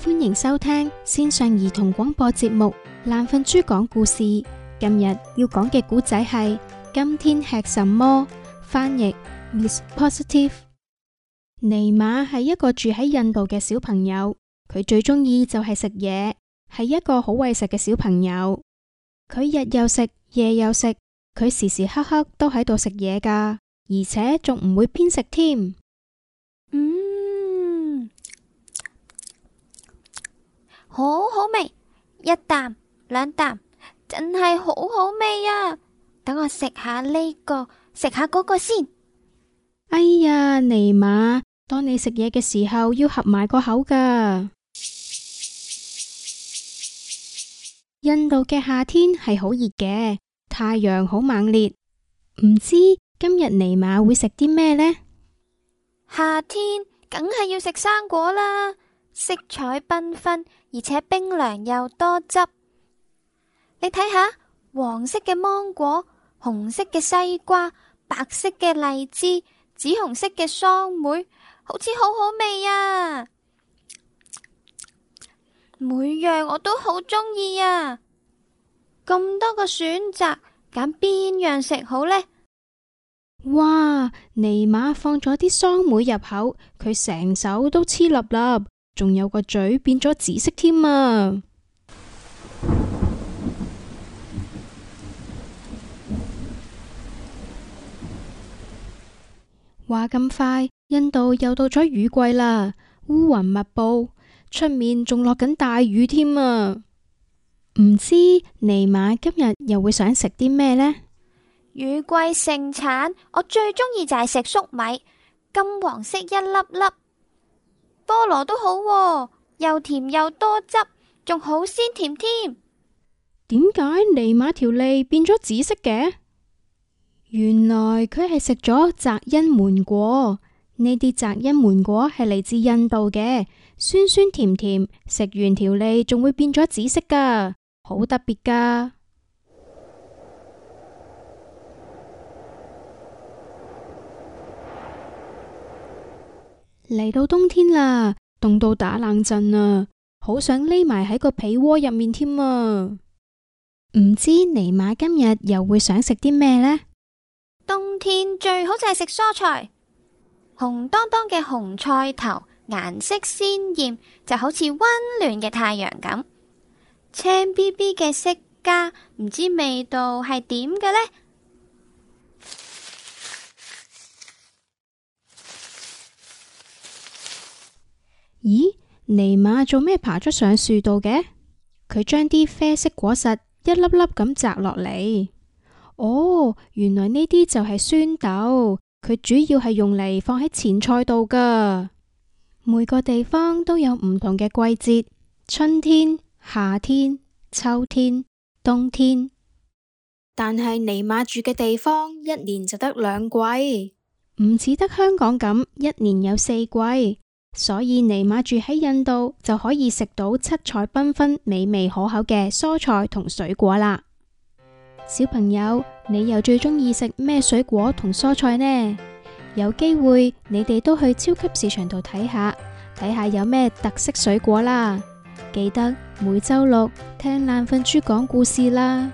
歡迎收聽線上兒童廣播節目《爛瞓豬講故事》。今日要講嘅故仔係：今天吃什麼？翻譯 Miss Positiff。妮瑪係一個住喺印度嘅小朋友，佢最鍾意就係食嘢，係一個好為食嘅小朋友。佢日又食，夜又食，佢時時刻刻都喺度食嘢㗎，而且仲唔會偏食添。嗯。好好味，一啖兩啖，真係好好味啊！等我食下呢個，食下嗰個先。哎呀，妮瑪，當你食嘢嘅時候要合埋個口噶。印度嘅夏天係好熱嘅，太陽好猛烈。唔知今日妮瑪會食啲咩呢？夏天梗係要食生果啦。色彩繽紛，而且冰涼又多汁。你睇下黃色嘅芒果、紅色嘅西瓜、白色嘅荔枝、紫紅色嘅桑莓，好似好好味呀！每樣我都好中意呀！咁多個選擇，揀邊樣食好呢？哇！妮瑪放咗啲桑莓入口，佢成手都黐笠笠。仲有個嘴變咗紫色添啊！話咁快，印度又到咗雨季啦，烏雲密佈，出面仲落緊大雨添啊！唔知妮瑪今日又會想食啲咩呢？雨季盛產，我最中意就係食粟米，金黃色一粒粒。菠蘿都好喎，又甜又多汁，仲好鮮甜添。點解妮瑪條脷變咗紫色嘅？原來佢係食咗澤恩門果。呢啲澤恩門果係嚟自印度嘅，酸酸甜甜，食完條脷仲會變咗紫色噶，好特別噶。嚟到冬天啦，凍到打冷震啊，好想匿埋喺個被窩入面添啊！唔知尼馬今日又會想食啲咩呢？冬天最好就係食蔬菜，紅當當嘅紅菜頭，顏色鮮艷，就好似溫暖嘅太陽咁。青 b b 嘅色家，唔知味道係點嘅呢？咦，妮瑪做咩爬咗上樹度嘅？佢將啲啡色果實一粒粒咁摘落嚟。哦，原來呢啲就係酸豆，佢主要係用嚟放喺前菜度㗎。每個地方都有唔同嘅季節，春天、夏天、秋天、冬天。但係妮瑪住嘅地方一年就得兩季，唔似得香港咁一,一年有四季。所以妮瑪住喺印度就可以食到七彩繽紛、美味可口嘅蔬菜同水果啦。小朋友，你又最中意食咩水果同蔬菜呢？有機會你哋都去超級市場度睇下，睇下有咩特色水果啦。記得每周六聽爛瞓豬講故事啦。